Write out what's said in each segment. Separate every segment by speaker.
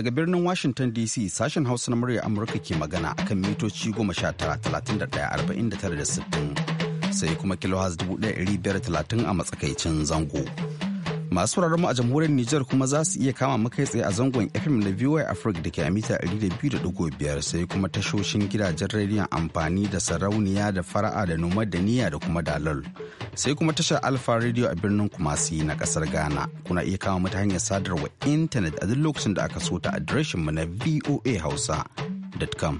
Speaker 1: Daga birnin Washington DC sashen Hausa na murya Amurka ke magana kan mitoci 19,31,49,60 sai kuma kilohaz 1,530 a matsakaicin zango. Masu mu a jamhuriyar Nijar kuma za su iya kama makai tsaye a zangon FM na VOA Africa da ke a mita 200.5 sai kuma tashoshin gidajen rediyon amfani da sarauniya da fara'a da noma da niyya da kuma dalal Sai kuma tashar Alfa Radio a birnin Kumasi na kasar Ghana. Kuna iya kama mata hanyar sadarwa intanet a duk lokacin da aka so ta adireshin mu na voahausa.com.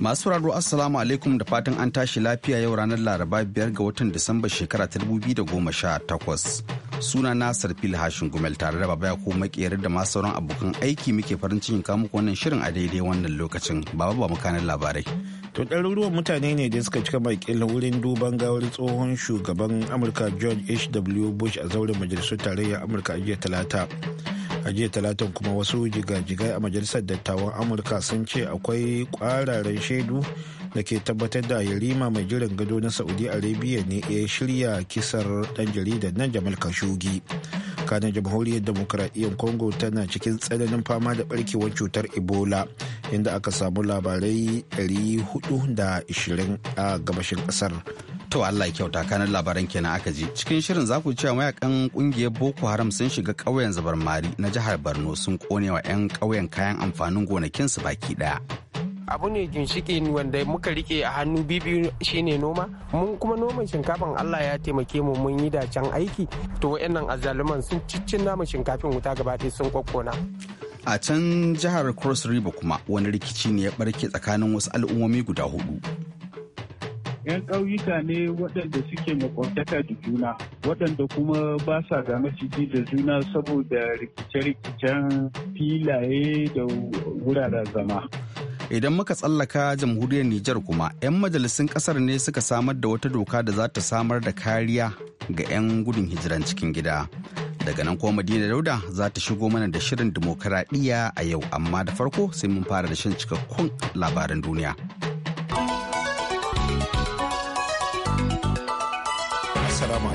Speaker 1: Masu raro Assalamu alaikum da fatan an tashi lafiya yau ranar Laraba biyar ga watan Disamba shekara ta dubu biyu da goma sha takwas Suna na Fil Hashin Gumel tare da Baba ko makiyar da masu sauran abokan aiki muke farin cikin kamu wannan shirin a daidai wannan lokacin. Baba ba makanan labarai. To ɗaruruwan mutane ne da suka
Speaker 2: cika bakin wurin duban gawar tsohon shugaban Amurka George H.W. Bush a zauren majalisar tarayyar Amurka a jiya Talata. a jiya talatin kuma wasu jigajigai a majalisar dattawan amurka sun ce akwai kwararen shaidu da ke tabbatar da yarima mai jiran gado na saudi arabia ne ya shirya kisar dan jaridar nan jamal kashugi kanan jamhuriyar demokuraɗiyyar congo tana cikin tsananin fama da barkewar cutar ebola inda aka samu labarai 420
Speaker 1: a gabashin ƙasar. To Allah ya kyauta kanan labaran kenan aka je Cikin shirin za ku cewa mayakan kungiyar Boko Haram sun shiga ƙauyen Zabarmari na jihar Borno sun kone wa 'yan ƙauyen kayan amfanin gonakinsu baki daya
Speaker 3: abu ne ginshiki wanda muka rike a hannu bibiyu shine noma mun kuma noman shinkafan Allah ya taimake mu mun yi da can aiki to wayannan azzaluman sun ciccin namu shinkafin wuta gaba sun kokkona
Speaker 1: a can jihar cross river kuma wani rikici ne ya barke tsakanin wasu al'ummomi guda hudu
Speaker 4: 'yan ƙauyuka ne waɗanda suke makwabtaka da juna waɗanda kuma ba sa ga maciji da juna saboda rikice-rikicen filaye da wuraren zama
Speaker 1: idan muka tsallaka jamhuriyar Nijar kuma 'yan majalisun ƙasar ne suka samar da wata doka da za ta samar da kariya ga 'yan gudun hijiran cikin gida. Daga nan kuma Madina Dauda za ta shigo mana da shirin dimokuraɗiyya a yau amma da farko sai mun fara da shan cikakkun labaran duniya.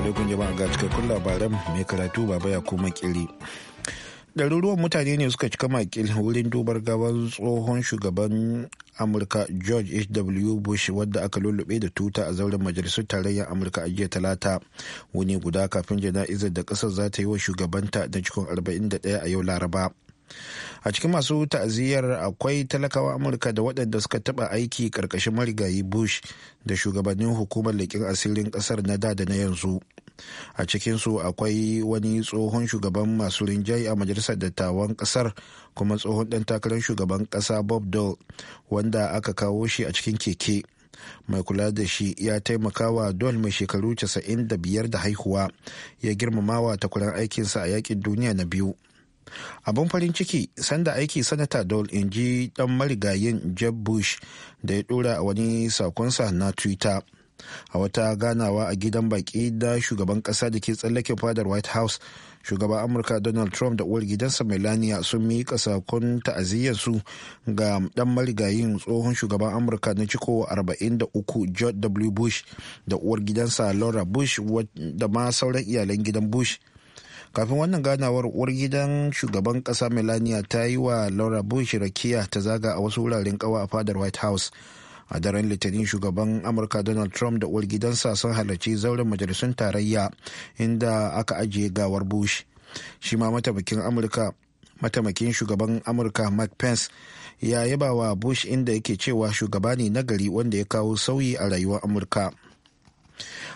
Speaker 2: alaikun jama'a ga cikakkun labaran mai karatu baba ya kuma kiri. ɗaruruwan mutane ne suka cika makil wurin dubar gaban tsohon shugaban amurka george h.w bush wadda aka lullube da tuta a zauren majalisar tarayyar amurka a jiya talata wani guda kafin jana'izar da ƙasar za ta yi wa shugabanta na cikin 41 a yau laraba a cikin masu ta'aziyar akwai talakawa amurka da waɗanda suka taɓa aiki ƙarƙashin marigayi bush da shugabannin hukumar leƙin asirin ƙasar na da da na yanzu a cikinsu akwai wani tsohon shugaban masu rinjaye a majalisar dattawan ƙasar kuma tsohon ɗan takarar shugaban ƙasa bob dole wanda aka kawo shi a cikin keke mai kula da shi ya taimaka wa dole mai shekaru 95 da haihuwa ya girmamawa takwaran aikinsa a yaƙin duniya na biyu abin farin ciki sanda aiki sanata dole in ji dan marigayin jeb bush da ya dora a wani sakonsa na twitter a wata ganawa a gidan baki da shugaban kasa da ke tsallaken fadar white house shugaban amurka donald trump da uwar gidansa melania sun miƙa sakon ta'aziyyarsu ga dan marigayin tsohon shugaban amurka na ciko 43 george w bush da uwar gidansa laura bush da ma sauran iyalan gidan bush kafin wannan ganawar uwar gidan shugaban kasa melania ta yi wa laura bush rakiya ta zaga a wasu wuraren kawa a fadar white house a daren litinin shugaban amurka donald trump da uwar gidansa sun halarci zauren majalisun tarayya inda aka ajiye gawar bush shi ma mataimakin amurka matamakin shugaban amurka mark pence ya yaba wa bush inda yake cewa shugaba ne nagari wanda ya kawo sauyi a rayuwar amurka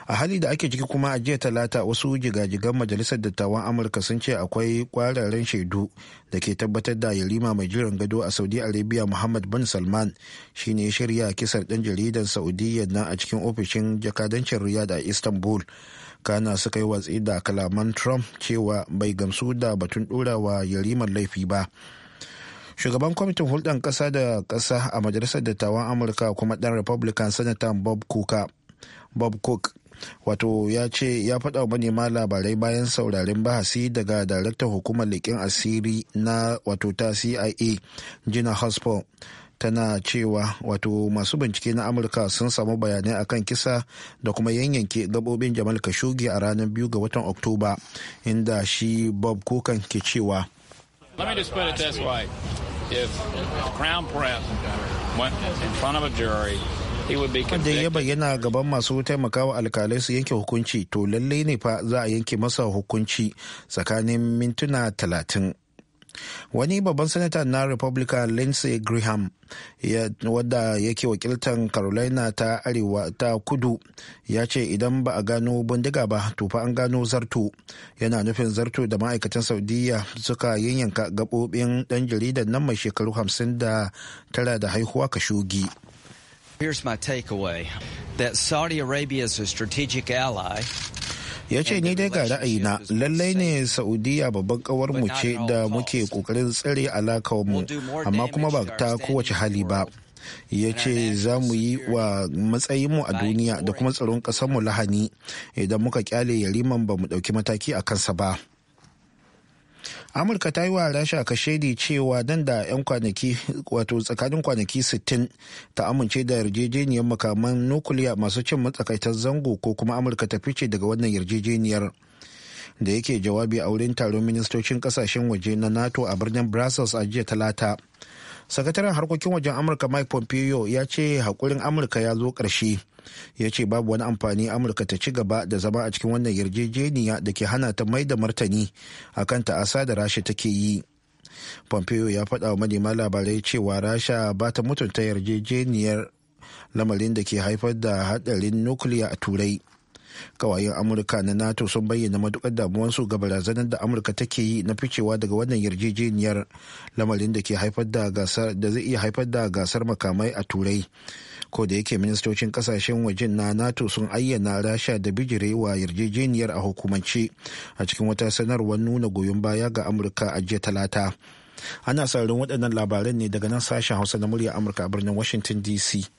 Speaker 2: a hali da ake ciki kuma a jiya talata wasu jigajigan majalisar dattawan amurka sun ce akwai kwararren shaidu da ke tabbatar da yarima mai jiran gado a saudi arabia muhammad bin salman shine ya shirya kisar ɗan jaridan saudiyya nan a cikin ofishin jakadancin riyad a istanbul kana suka yi watsi da kalaman trump cewa bai gamsu da batun wa yarimar laifi ba shugaban kwamitin hulɗar ƙasa da ƙasa a majalisar dattawan amurka kuma ɗan republican sanata bob kuka bob cook wato ya ce ya faɗa manema labarai bayan sauraren bahasi daga daraktan hukumar leƙen asiri na wato ta cia gina hospital tana cewa wato masu bincike na amurka sun samu bayanai akan kisa da kuma yanyanke gabobin jamal kashogi a ranar biyu ga watan oktoba inda shi bob kukan ke cewa
Speaker 5: If Crown Press went in front of a jury wanda ya bayyana
Speaker 2: gaban masu taimakawa alkalai su yanke hukunci to lallai ne fa za a yanke masa hukunci tsakanin mintuna talatin wani babban sanata na republican lindsey graham wadda yake wakiltar carolina ta arewa ta kudu ya ce idan ba a gano bindiga ba to fa an gano zarto yana nufin zarto da ma'aikatan saudiya suka yanyanka gaɓoɓin ɗan jaridar nan mai shekaru 59 da da haihuwa ka shugi.
Speaker 1: Here's my takeaway that Saudi Arabia is a strategic ally.
Speaker 2: ya ce ni dai ga ra'ayina lallai ne saudiya babban kawar ce da muke kokarin tsare alakawar mu amma kuma ba ta kowace hali ba ya ce za mu yi wa matsayinmu a duniya da kuma tsaron ƙasarmu lahani idan muka kyale yariman ba mu ɗauki mataki a kansa ba amurka ta yi wa rasha shaidi cewa nan da 'yan kwanaki wato tsakanin kwanaki 60 ta amince da yarjejeniyar makaman nukuliya masu cin matsakaitar zango ko kuma amurka ta fice daga wannan yarjejeniyar da yake jawabi a wurin taron ministocin kasashen waje na nato a birnin brussels a jiya talata sakataren harkokin wajen amurka mike pompeo ya ce hakurin amurka ya zo karshe. ya ce babu wani amfani amurka ta ci gaba da zama a cikin wannan yarjejeniya da ke hana ta mai da martani a kan ta'asa da rasha take yi pompeo ya faɗa wa manema labarai cewa rasha ba ta mutunta yarjejeniyar lamarin da ke haifar da hadarin nukiliya a turai kawayen amurka na nato sun bayyana matukar damuwansu ga barazanar da amurka take yi na ficewa daga wannan yarjejeniyar lamarin da ke haifar da gasar da zai iya haifar da gasar makamai a turai ko da yake ministocin kasashen wajen na nato sun ayyana rasha da bijirewa yarjejeniyar a hukumance a cikin wata sanarwar nuna goyon baya ga amurka a jiya talata ana sauran waɗannan labaran ne daga nan sashen hausa na murya amurka a birnin washington dc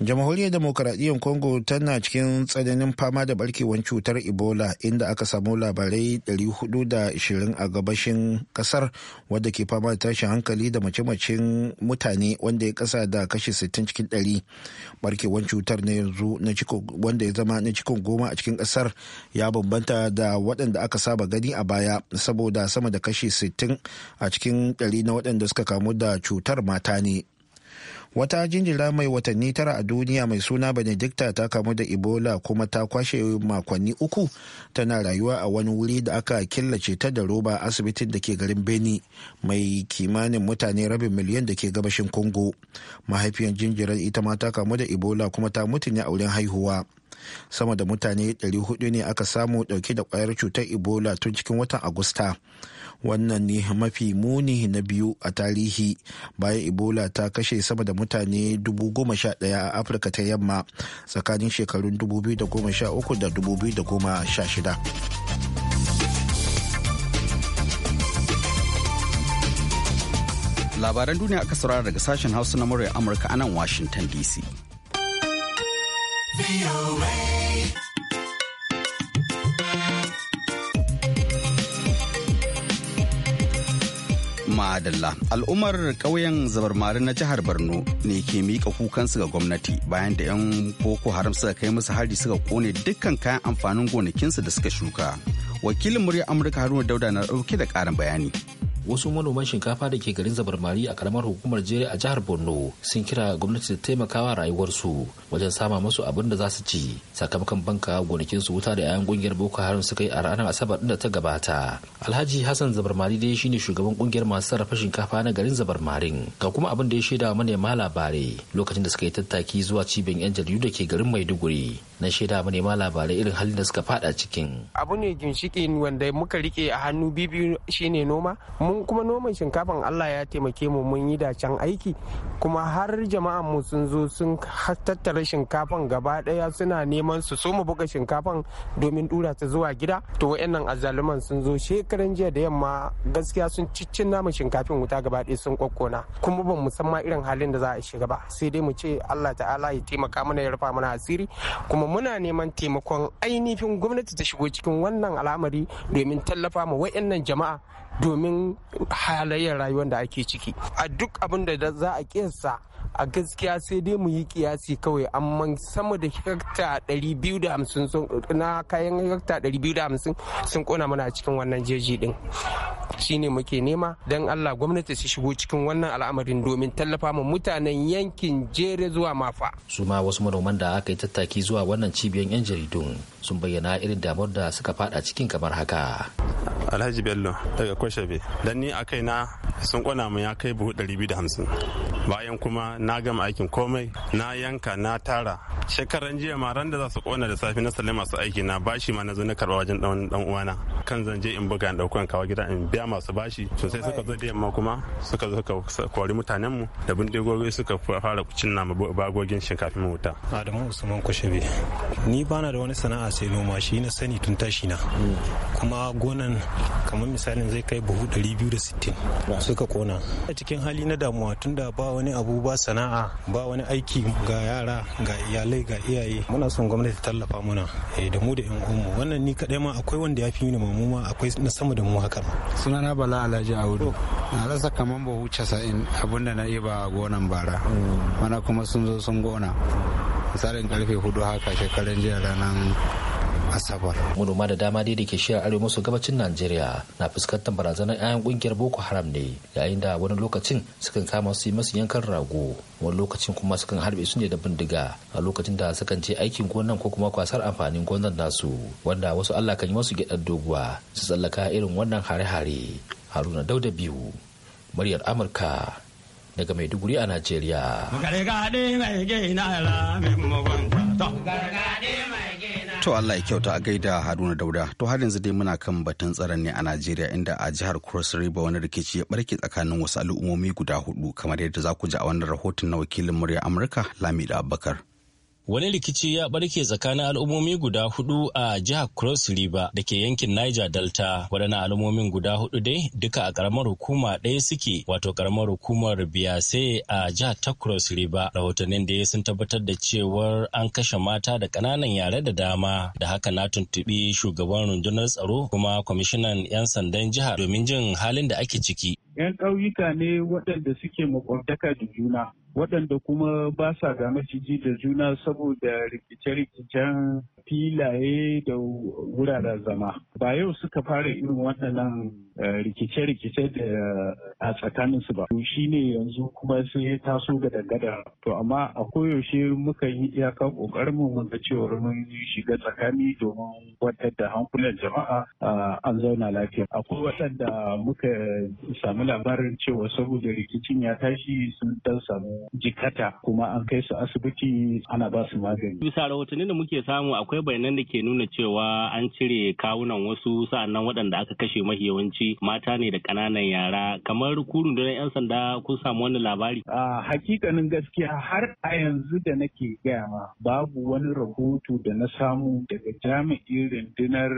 Speaker 2: jamhuriyar demokaradiyyar congo tana cikin tsananin fama da barkewar cutar ebola inda aka samu labarai 420 a gabashin kasar wadda ke fama da tashin hankali da mace-macen mutane wanda ya kasa da kashi 60 cikin 100 barkewar cutar na yanzu wanda ya zama na cikin goma a cikin kasar ya bambanta da waɗanda aka saba gani a baya saboda sama da kashi 60 a cikin 100 na waɗanda suka kamu da cutar mata ne. wata jinjira mai watanni tara a duniya mai suna benedicta ta kamu da ebola kuma ta kwashe makonni uku tana rayuwa a wani wuri da aka killace ta da roba asibitin da ke garin beni mai kimanin mutane rabin miliyan da ke gabashin congo mahaifiyar jinjirar ita ma ta kamu da ebola kuma ta mutu ne a wurin haihuwa sama da mutane 400 ne aka samu dauke da kwayar cutar ebola tun cikin watan agusta wannan ne mafi muni na biyu a tarihi bayan ebola ta kashe sama da mutane 11,000 a afirka ta yamma tsakanin shekarun 2013 da 2016
Speaker 1: labaran duniya aka saurara daga sashen hausa na murya amurka a nan washington dc Madalla al'ummar ƙauyen zabarmari na jihar Borno ne ke miƙa kukansu ga gwamnati bayan da 'yan Boko Haram suka kai musu hari suka kone dukkan kayan amfanin gonakinsu da suka shuka. Wakilin murya Amurka Haruna Dauda na ɗauke da ƙarin bayani. wasu manoman shinkafa da ke garin zabarmari a karamar
Speaker 6: hukumar jere a jihar borno sun kira gwamnati da taimakawa rayuwarsu wajen sama musu abin da za su ci sakamakon banka gonakin su wuta da yayan kungiyar boko haram suka yi a ranar asabar din da ta gabata alhaji hassan zabarmari dai shine shugaban kungiyar masu sarrafa shinkafa na garin zabarmarin ga kuma abin da ya shaida manema labarai lokacin da suka yi tattaki zuwa cibiyar yan jaridu da ke garin maiduguri na shaida manema labarai irin halin da suka fada cikin
Speaker 3: abu ne ginshiki wanda muka rike a hannu bibiyu shine noma mun kuma noman shinkafan Allah ya taimake mu mun yi da can aiki kuma har jama'an mu sun zo sun tattara shinkafan gaba daya suna neman su so mu buga shinkafan domin dura ta zuwa gida to wayannan azzaluman sun zo shekaran jiya da yamma gaskiya sun ciccin namu shinkafin wuta gaba daya sun kokkona kuma ban musamman irin halin da za a shiga ba sai dai mu ce Allah ta'ala ya taimaka mana ya rufa mana asiri kuma muna neman taimakon ainihin gwamnati ta shigo cikin wannan al'amari domin tallafa ma wayannan jama'a domin halayyar rayuwar da ake ciki a duk abin da za a sa. a gaskiya sai dai mu yi kiyasi kawai amma sama da hekta 250 na kayan hekta 250 sun kona mana a cikin wannan jeji din shine muke nema don allah gwamnati su shigo cikin wannan al'amarin domin tallafa ma mutanen yankin jere zuwa mafa
Speaker 6: su ma wasu manoman da aka yi tattaki zuwa wannan cibiyar yan jaridun sun bayyana irin damar da suka fada cikin kamar haka
Speaker 7: alhaji bello daga kwashabe dan ni a kaina sun kona mu ya kai buhu 250 bayan kuma na gama aikin komai na yanka na tara shekaran jiya ma ran da za su kona da safi na sallai masu aiki na bashi ma na zo na karba wajen dan uwana kan zan je in buga in dauko in kawo gida in biya masu bashi sosai suka zo da yamma kuma suka zo suka kori mutanen mu da bindigogi suka fara kucin na bagogin shinkafin wuta Adamu Usman Kushebe ni bana da wani sana'a sai noma shi na sani tun tashi na kuma gonan kamar misalin zai kai buhu 260 suka kona a cikin hali na damuwa tunda ba wani abu ba sana'a ba wani aiki ga yara ga iyalai ga iyaye muna son gwamnati ta tallafa muna eh da mu da yan uwanmu wannan ni kadai ma akwai wanda ya fi ni mamu ma akwai na sama da mu haka sunana bala alhaji audu na rasa kaman bahu 90
Speaker 1: da na iba a gonan bara mana mm. kuma sun zo sun gona misalin karfe hudu
Speaker 6: haka shekaran jiya ranar asabar manoma da dama dai da ke shirya arewa maso gabacin najeriya na fuskantar barazanar 'ya'yan kungiyar boko haram ne yayin da wani lokacin sukan kama su yi masu yankan rago wani lokacin kuma sukan harbe su ne da bindiga a lokacin da sukan je aikin gonan ko kuma kwasar amfanin gonan nasu wanda wasu allah kan yi masu gyaɗar doguwa su tsallaka irin wannan hare-hare haruna dauda biyu muryar amurka
Speaker 1: daga maiduguri a najeriya
Speaker 7: gargaɗe mai gina mai mugunta
Speaker 1: To Allah ya kyauta a gaida Haruna Dauda. To har yanzu dai muna kan batun tsaron ne a Najeriya inda a jihar Cross River wani rikici ya barke tsakanin wasu al'ummomi guda hudu kamar yadda za ku ji a wannan rahoton na wakilin murya Amurka Lamida Abubakar.
Speaker 8: wani rikici ya barke tsakanin al'ummomi guda hudu a jihar cross river da ke yankin niger delta waɗannan al'ummomin guda hudu dai duka a ƙaramar hukuma ɗaya suke wato ƙaramar hukumar biyase a jihar ta cross river rahotannin da sun tabbatar da cewar an kashe mata da ƙananan yare da dama da haka na tuntuɓi shugaban rundunar tsaro kuma kwamishinan 'yan sandan jihar domin jin halin da ake ciki
Speaker 4: 'yan ƙauyuka ne waɗanda suke makwabtaka da juna waɗanda kuma ba sa ga maciji da juna saboda rikice-rikicen filaye da wuraren zama. Ba yau suka fara irin waɗannan eh, rikice-rikice da a tsakaninsu ba. Shi ne yanzu kuma sai ya taso ga dangada. To amma a koyaushe muka yi iyakar ƙoƙarinmu mun ga cewar mun shiga tsakani domin wadar da hankulan jama'a an zauna lafiya. Akwai waɗanda muka samu labarin cewa saboda rikicin ya tashi sun dan samu jikata kuma an kai su asibiti ana ba su magani.
Speaker 8: Bisa rahotanni da muke samu akwai bayanan da ke nuna cewa an cire kawunan wasu sa'annan waɗanda aka kashe mahi yawanci mata ne da ƙananan yara kamar kurun da 'yan sanda kun samu wani
Speaker 4: labari. A hakikanin gaskiya har a yanzu da nake gaya ma babu wani rahoto da na samu daga jami'in rundunar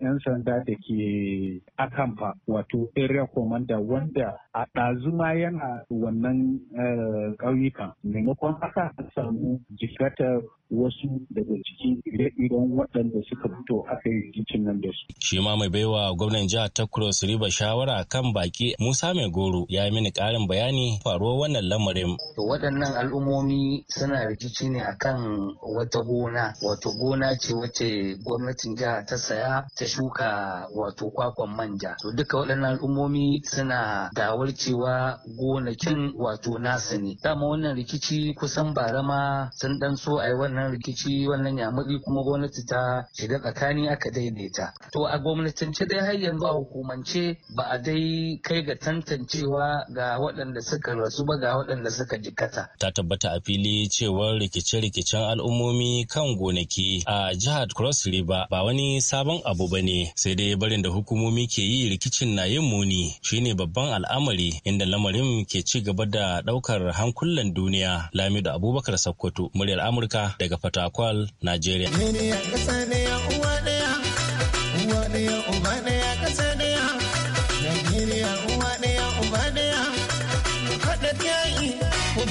Speaker 4: 'yan eh, sanda da ke akamfa wato area commander wanda a ɗazuma yana wannan eh, ƙauyuka maimakon haka an samu jikatar wasu daga ciki ire-iren waɗanda suka fito aka yi rikicin nan da su.
Speaker 8: Shi ma mai baiwa gwamnan jihar ta Cross riba shawara kan baki Musa Mai Goro ya yi mini ƙarin bayani faruwar wannan lamarin.
Speaker 6: To waɗannan al'ummomi suna rikici ne akan wata gona, wato gona ce wacce gwamnatin jiha ta saya ta shuka wato kwakwan manja. To duka waɗannan al'ummomi suna dawar cewa gonakin wato nasu ne. dama wannan rikici kusan barama rama sun dan so a yi wannan rikici wannan yamuri kuma gwamnati ta shiga tsakani aka daidaita to a gwamnatance dai har yanzu a hukumance ba a dai kai ga tantancewa ga waɗanda suka rasu ba ga waɗanda suka jikata
Speaker 8: ta tabbata a fili cewar rikice-rikicen al'ummomi kan gonaki a jihar cross river ba wani sabon abu ba ne sai dai barin da hukumomi ke yi rikicin na yin muni shine babban al'amari inda lamarin ke ci gaba da ɗaukar hankali kullan duniya Lamido Abubakar Sokoto muryar Amurka daga Fatakwal, Najeriya.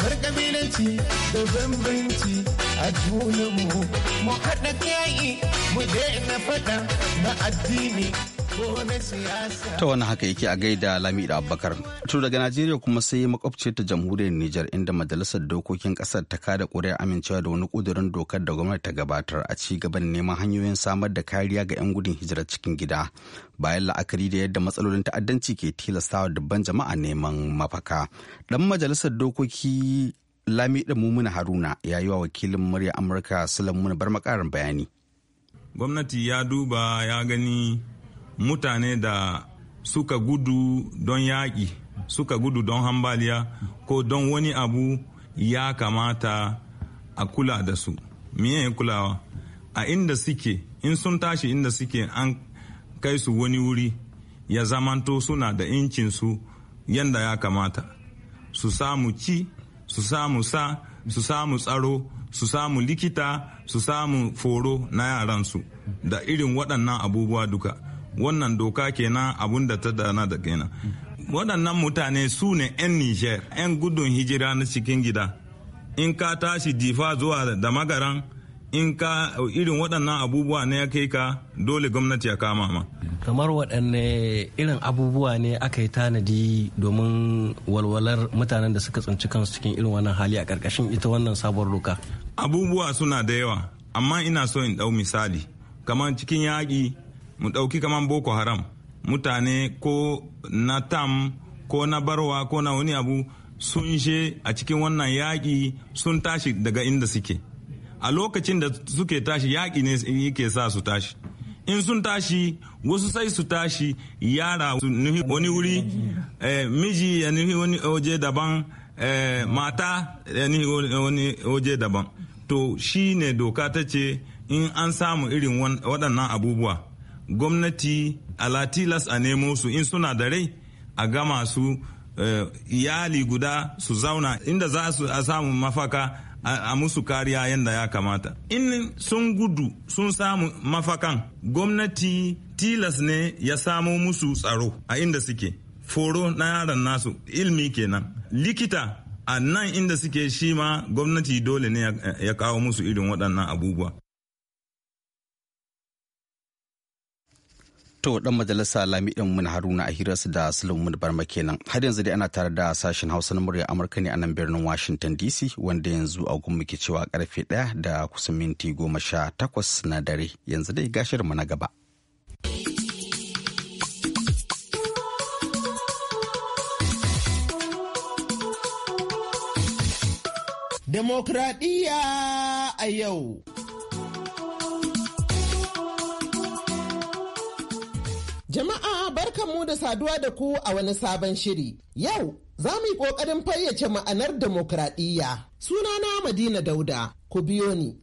Speaker 9: bar da bambanci a junanmu mu haɗa yayi mu daina faɗa na addini
Speaker 1: ta wani haka yake a gaida lamida abubakar to daga najeriya kuma sai makwabciyar ta jamhuriyar nijar inda majalisar dokokin kasar ta kada ƙuri'ar amincewa da wani ƙudurin dokar da gwamnati ta gabatar a ci gaban neman hanyoyin samar da kariya ga 'yan gudun hijira cikin gida bayan la'akari da yadda matsalolin ta'addanci ke tilastawa dubban jama'a neman mafaka dan majalisar dokoki lamida mumuna haruna ya yi wa wakilin murya amurka sulan bar makarin bayani
Speaker 7: gwamnati ya duba ya gani mutane da suka gudu don yaƙi suka gudu don hambaliya ko don wani abu ya kamata a kula da su miye kulawa a inda suke in sun tashi inda suke an kai su wani wuri ya zamanto suna da incinsu yadda ya kamata su samu ci su samu sa su samu tsaro su samu likita su samu foro na yaransu da irin waɗannan abubuwa duka wannan doka kenan abun da ta dana da kenan waɗannan mutane su ne 'yan niger 'yan gudun hijira na cikin gida in ka tashi difa zuwa da magaran in ka irin waɗannan abubuwa ne ya kai ka dole gwamnati ya kama ma
Speaker 8: kamar waɗanne irin abubuwa ne aka yi tanadi domin walwalar mutanen da suka tsinci kansu cikin irin wannan hali a ƙarƙashin ita wannan
Speaker 7: sabuwar doka abubuwa suna da yawa amma ina so in ɗau misali kamar cikin yaƙi mu ɗauki kaman boko haram mutane ko na tam ko na barwa ko na wani abu sun je a cikin wannan yaƙi sun tashi daga inda suke a lokacin da suke tashi yaƙi ne yake sa su tashi in sun tashi wasu sai su tashi yara wani wuri eh, miji ya nuhi wani oje daban eh, mata ya nuhi wani oje daban to shi ne doka ta ce in an samu irin waɗannan abubuwa gwamnati tilas a nemo su in suna da rai a gama su eh, iyali guda su zauna inda za su a samu mafaka a musu kariya yadda ya kamata in sun gudu sun samu mafakan gwamnati tilas ne ya samo musu tsaro a inda suke foro na yaran nasu ilmi kenan likita a nan inda suke shi ma gwamnati dole ne ya kawo musu irin waɗannan abubuwa To dan majalisa
Speaker 1: Lami din mun Haruna a hirarsu da Sulaiman Barma kenan. Har yanzu dai ana tare da sashen Hausa na murya Amurka ne a nan birnin Washington DC wanda yanzu a gun muke cewa karfe 1 da kusan minti 18 na dare. Yanzu dai gashir mu na gaba.
Speaker 9: Demokradiyya a yau. Jama'a barkanmu da saduwa da ku a wani sabon shiri. Yau za mu yi ƙoƙarin fayyace ma'anar demokradiyya. na Madina Dauda, ku biyo ni.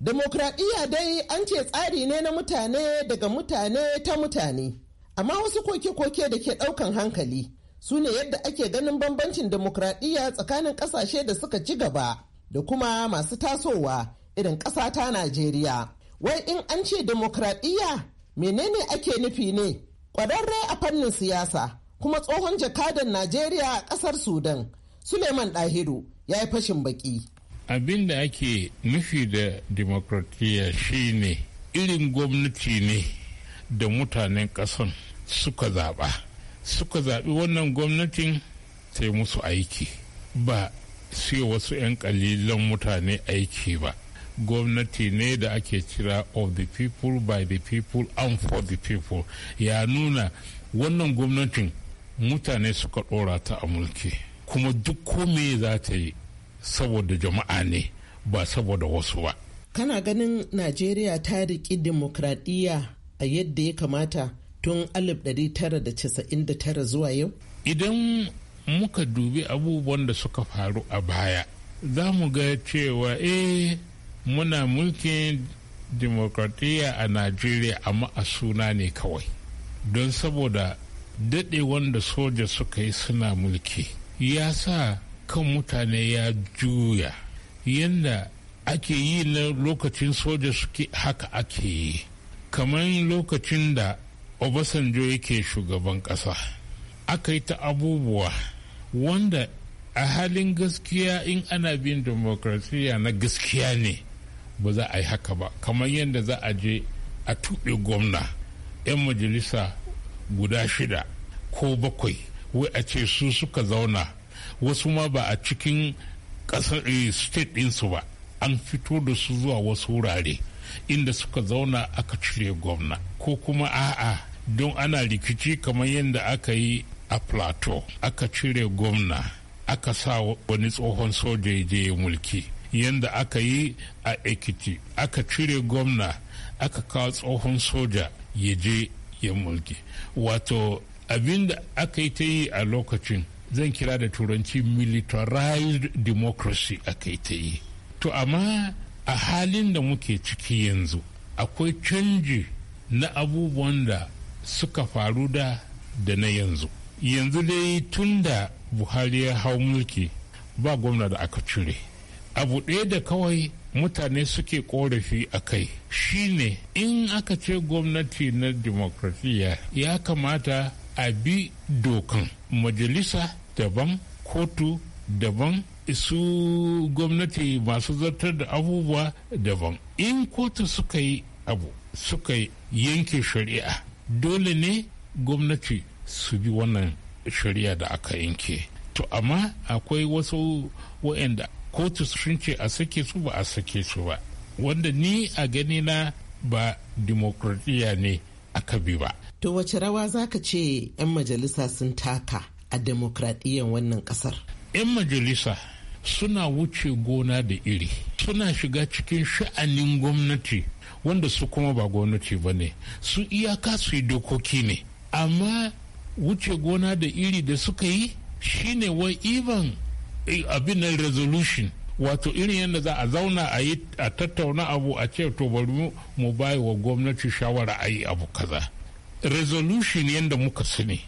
Speaker 9: Demokradiyya dai an ce tsari ne na mutane daga mutane ta mutane. Amma wasu koke-koke da ke ɗaukan hankali su ne yadda ake ganin bambancin demokradiyya tsakanin ƙasashe da suka ci gaba da kuma masu tasowa irin ƙasa ta Najeriya. wai in an ce demokradiyya menene ake nufi ne kwararre a fannin siyasa kuma tsohon jakadan najeriya a ƙasar sudan suleiman ɗahiru ya yi fashin baki
Speaker 5: abin da ake nufi da demokradiyya shine irin gwamnati ne da mutanen ƙasan suka zaɓa suka zaɓi wannan gwamnatin sai musu aiki ba sai wasu 'yan kalilan mutane aiki ba gwamnati ne da ake cira, of the people by the people and for the people ya nuna wannan gwamnatin mutane suka ɗora ta a mulki kuma duk kome za ta yi saboda jama'a ne ba saboda wasu ba
Speaker 9: kana ganin najeriya ta riƙi demokradiyya a yadda ya kamata tun 1999 zuwa yau
Speaker 5: idan muka dubi abubuwan da suka faru a baya za mu ga cewa eh muna mulkin demokradiyya a najeriya amma a suna ne kawai don saboda daɗe wanda soja suka yi suna mulki ya sa kan mutane ya juya yadda ake yi na lokacin soja suke haka ake yi kamar lokacin da obasanjo yake shugaban ƙasa aka yi ta abubuwa wanda a halin gaskiya in ana bin demokrasiya na gaskiya ne ba za a yi haka ba kamar yadda za a je a tuɓe gwamna 'yan majalisa guda shida ko bakwai wai a ce su suka zauna wasu ma ba a cikin ƙasar eh, state ɗinsu ba an fito da su zuwa wasu wurare inda suka zauna aka cire gwamna ko kuma a'a don ana rikici kamar yadda aka yi a plateau aka cire gwamna aka sa wani tsohon soja ya je mulki yadda aka yi a ekiti aka cire gwamna aka kawo tsohon soja ya je ya mulki wato abin da aka yi ta yi a lokacin zan kira da turanci militarized democracy aka yi ta yi to amma a halin da muke ciki yanzu akwai canji na abubuwan da suka faru da da na yanzu yanzu dai tun da buhari ya hau mulki ba gwamna da aka cire abu ɗaya da kawai mutane suke korafi a kai shine in aka ce gwamnati na demokratiya ya kamata a bi dokan majalisa daban kotu daban su gwamnati masu zartar da abubuwa daban in kotu suka yi abu suka yanke shari'a dole ne gwamnati su bi wannan shari'a da aka yanke to amma akwai wasu waɗanda kotu sun ce a sake su ba a sake su ba wanda ni a gani na ba dimokuraɗiyya ne aka bi ba to wace rawa za ka ce 'yan majalisa sun taka a demokradiyyar wannan kasar 'yan majalisa suna wuce gona da iri suna shiga cikin sha'anin gwamnati wanda su kuma ba gwamnati ba ne su iyaka su yi dokoki ne amma wuce gona da iri da suka yi shine wa iban Eh, abin nan resolution wato irin yadda za a zauna a yi a tattauna abu a ce to bari mu bayi wa gwamnati shawara a yi abu kaza resolution yadda muka sani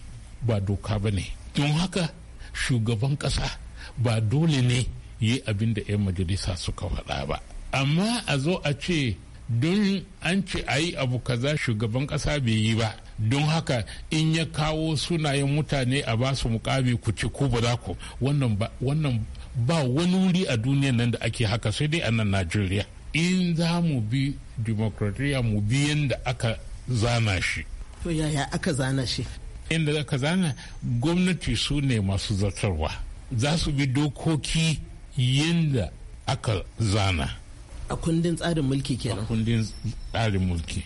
Speaker 5: ba doka ba ne don haka shugaban kasa ba dole ne yi abin da 'yan majalisa suka faɗa ba amma a zo a ce don an ce a yi abu kaza shugaban kasa bai yi ba don haka in ya kawo sunayen mutane a ba su mukami ku ci ko ba za ku wannan ba wani wuri a duniya nan da ake haka sai dai a nan najeriya in za mu bi demokratiya mu bi yadda aka zana shi to yaya aka zana shi inda aka zana gwamnati su ne masu zartarwa za su bi dokoki yadda aka zana a kundin tsarin mulki kenan a kundin tsarin mulki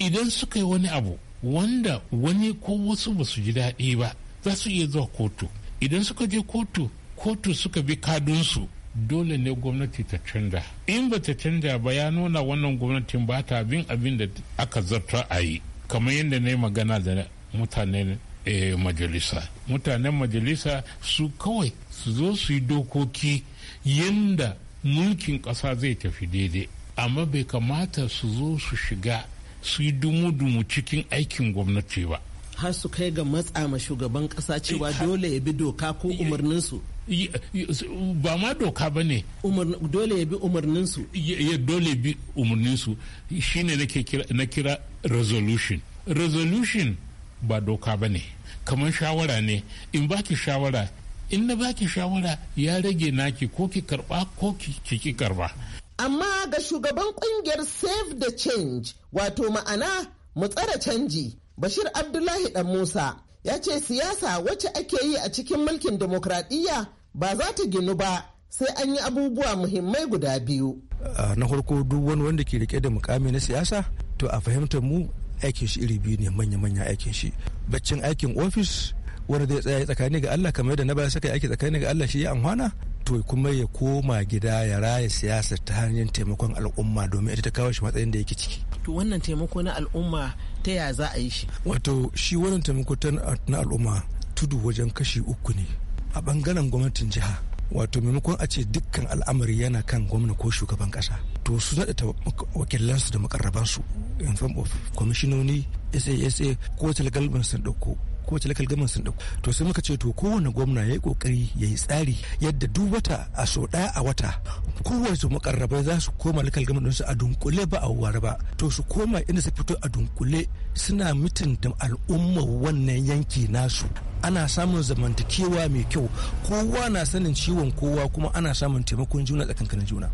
Speaker 5: idan suka yi wani abu wanda wani ko wasu ba su ji daɗi ba za su iya zuwa kotu idan suka je kotu kotu suka bi kadunsu dole ne gwamnati ta canja. in ba ta canja ba ya nuna wannan gwamnatin ba ta bin abin da aka zartar a yi kamar yadda na yi magana da mutanen eh, majalisa mutanen majalisa su kawai su zo su yi dokoki yadda mulkin ƙasa zai tafi daidai amma bai kamata su zo su shiga su yi dumu-dumu cikin aikin gwamnati ba
Speaker 9: har su kai ga matsa ma shugaban ƙasa cewa eh, dole ya bi
Speaker 5: doka ko eh, umarninsu eh, ba ma doka ba ne dole ya bi umarninsu ya dole bi umarninsu shine na kira resolution resolution ba doka ba ne kamar shawara ne in baki shawara in na baki shawara ya rage naki ko ki karba ko ki ki karba
Speaker 9: amma ga shugaban kungiyar save the change wato ma'ana mu tsara canji bashir abdullahi dan musa ya ce siyasa wacce ake yi a cikin mulkin demokradiyya ba za ta ginu ba sai an yi abubuwa muhimmai guda biyu
Speaker 10: na farko duk wani wanda ke rike da mukami na siyasa to a fahimtar mu aikin shi iri biyu ne manya-manya aikin shi baccin aikin ofis wanda zai tsaya tsakani ga Allah kamar yadda na baya suka yi aiki tsakani ga Allah shi ya amfana to kuma ya koma gida ya raya siyasa ta hanyar taimakon al'umma domin ita ta kawo shi matsayin da yake ciki
Speaker 9: to wannan taimako na al'umma ta ya za a yi shi
Speaker 10: wato shi wannan taimako na al'umma tudu wajen kashi uku ne a bangaren gwamnatin jiha wato maimakon a ce dukkan al'amari yana kan gwamna ko shugaban kasa to su naɗa wakilansu da makarrabansu in form of commissiononi sasa ko talgalban sun ɗauko wace lakal gamin sun dauko to sai muka ce to kowane gwamna ya yi kokari ya yi tsari yadda duk wata a so daya a wata kowace makarrabai za su koma lakal gaman su a dunkule ba a ware ba to su koma inda su fito a dunkule suna mutunta al'ummar wannan yanki nasu ana samun zamantakewa mai kyau kowa na sanin ciwon kowa kuma ana samun taimakon juna tsakankanin juna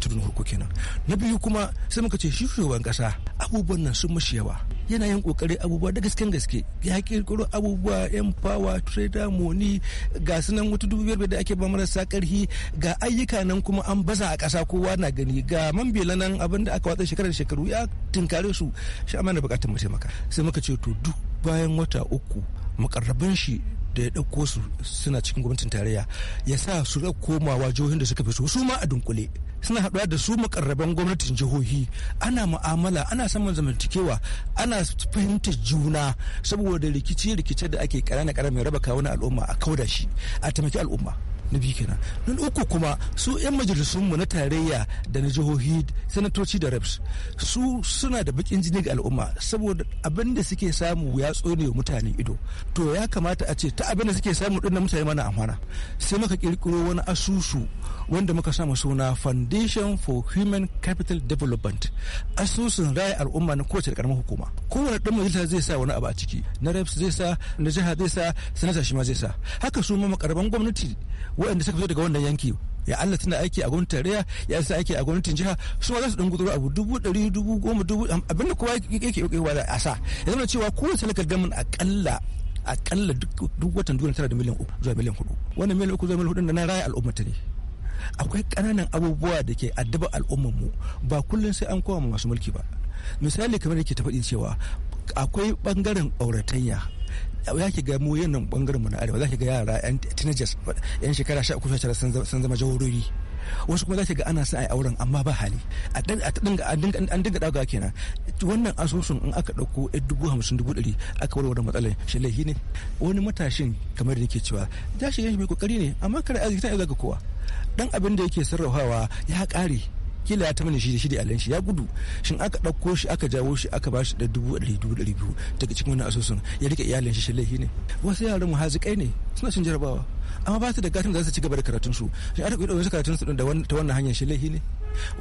Speaker 10: tudun hurku kenan na biyu kuma sai muka ce shi shugaban kasa abubuwan nan sun mashi yawa yana yin kokari abubuwa da gaske gaske ya kirkiro abubuwa yan fawa trader moni ga sunan wata dubu biyar da ake ba marasa karhi ga ayyuka nan kuma an baza a kasa kowa na gani ga man bela nan abin da aka watsa shekarar shekaru ya tinkare su shi amma na bukatar mu taimaka sai muka ce to duk bayan wata uku makarraban shi da ya ɗauko su suna cikin gwamnatin tarayya ya sa su da komawa jihohin da suka fi so su ma a dunkule suna haɗuwa da su makarraban gwamnatin jihohi ana mu'amala ana saman zamantakewa ana fahimtar juna saboda rikice-rikice da ake ƙarana ƙarana mai raba na al'umma a kauda shi a taimaki al'umma na biyu kenan nan uku kuma su 'yan majalisun mu na tarayya da na jihohi sanatoci da reps su suna da bakin jini ga al'umma saboda abin da suke samu ya tsone wa mutane ido to ya kamata a ce ta abin da suke samu din na mutane mana amana sai muka kirkiro wani asusu wanda muka sama suna foundation for human capital development asusun raya al'umma na kowace karamar hukuma kowane dan majalisa zai sa wani abu a ciki na reps zai sa na jiha zai sa sanata shi ma zai sa haka su ma makarban gwamnati waɗanda suka fito daga wannan yanki ya Allah suna aiki a gwamnatin tarayya ya sa aiki a gwamnatin jiha su ma za su dan gutsuro abu dubu ɗari dubu goma dubu Abinda da kowa yake yake wa a sa ya zama cewa sai lakar gamin akalla akalla duk watan duniya tara da miliyan uku zuwa miliyan hudu wannan miliyan uku zuwa miliyan hudu na raya al'ummata ne akwai ƙananan abubuwa da ke addaba mu. ba kullum sai an koma masu mulki ba misali kamar yake ta faɗi cewa akwai ɓangaren auratayya za ki ga mu yin bangaren mu na arewa za ki ga yara yan teenagers yan shekara 13 sun zama jawurori wasu kuma za ki ga ana sa a auren amma ba hali an dinga daga kenan wannan asusun in aka dauko yan dubu hamsin dubu dari aka warware matsalar shi laifi ne wani matashin kamar da ke cewa ya shi mai kokari ne amma a arziki ta yi zaga kowa dan abin da yake sarrafawa ya kare kila ya tamani shi da shi da iyalan shi ya gudu shin aka ɗauko shi aka jawo shi aka bashi da dubu ɗari dubu ɗari biyu daga cikin wani asusun ya rike iyalan shi laifi ne wasu yaran mu haziƙai ne suna cin jarabawa amma ba su da gatan da za su ci gaba da karatun su shin aka ɗauki wasu karatun su da ta wannan hanyar shi laifi ne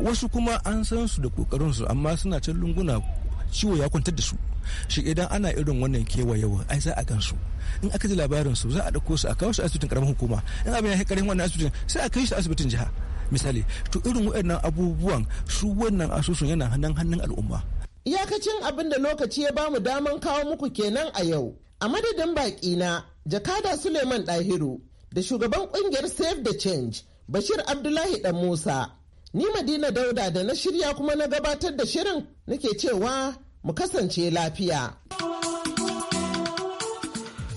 Speaker 10: wasu kuma an san su da kokarin su amma suna can lunguna ciwo ya kwantar da su shi idan ana irin wannan kewayewa ai za a gan su in aka ji labarin su za a ɗauko su a kawo su asibitin karamin hukuma in abin ya kai karin wannan asibitin sai a kai shi asibitin jiha misali to irin waɗannan
Speaker 9: abubuwan su wannan asusun yana hannun hannun al'umma iyakacin abin da lokaci ya bamu daman kawo muku kenan a yau a madadin baƙi na jakada suleiman dahiru da shugaban ƙungiyar save the change bashir abdullahi dan musa ni madina dauda da na shirya kuma na gabatar da shirin nake cewa mu kasance lafiya.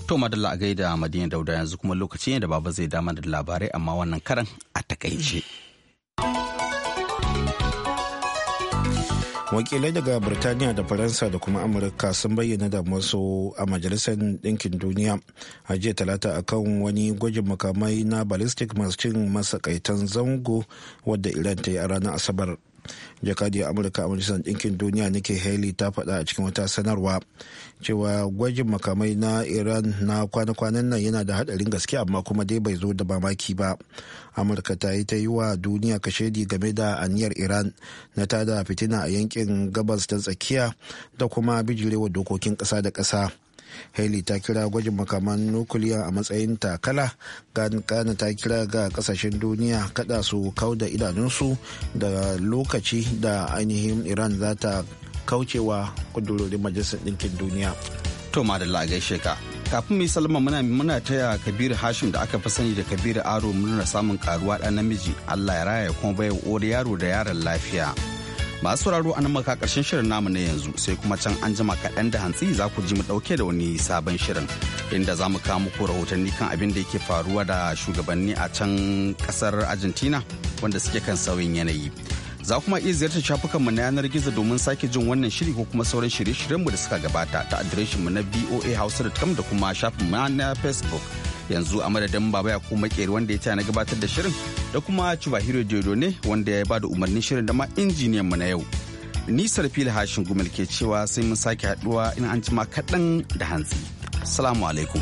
Speaker 1: To madalla a gaida Madina Dauda yanzu kuma lokaci ne da baba zai dama da labarai amma wannan karan a takaice.
Speaker 2: wakilai daga birtaniya da faransa da kuma amurka sun bayyana da damuwarsu a majalisar ɗinkin duniya a jiya talata kan wani gwajin makamai na ballistic masu cin masakaitan zango wadda iran ta yi a ranar asabar jakadiyar amurka a majalisar ɗinkin duniya nike haili ta faɗa a cikin wata sanarwa cewa gwajin makamai na iran na kwana-kwanan nan yana da haɗarin gaske amma kuma dai bai zo da mamaki ba amurka ta yi ta yi wa duniya kashedi game da aniyar iran na tada fitina a yankin gabas ta tsakiya da kuma bijirewa dokokin ƙasa da ƙasa haley ta kira gwajin makaman nukuliya a matsayin takala kana ta kira ga kasashen duniya kada su kauda idanunsu da lokaci da ainihin iran za ta kaucewa kudurorin majalisar ɗinkin duniya
Speaker 1: to madalla a gaishe ka kafin mai salama muna muna taya kabiru hashim da aka fi sani da kabiru aro murnar samun karuwa ɗan namiji allah ya raya kuma bai yaro da yaron lafiya masu sauraro a nan maka karshen shirin namu na yanzu sai kuma can an jima kaɗan da hantsi za ku ji mu ɗauke da wani sabon shirin inda za mu kawo muku rahotanni kan abin da yake faruwa da shugabanni a can ƙasar argentina wanda suke kan sauyin yanayi za kuma iya ziyartar shafukanmu na yanar gizo domin sake jin wannan shiri ko kuma sauran shirye-shiryenmu da suka gabata ta adireshinmu na voa hausa da kuma shafinmu na facebook yanzu a madadin baba ya kuma makeri wanda ya ta na gabatar da shirin da kuma Chubahiro Dodo ne wanda ya ba da umarnin shirin da ma injiniyan mu na yau. Ni Sarfil Hashin gumal ke cewa sai mun sake haduwa in an ma kaɗan da hantsi. Assalamu alaikum.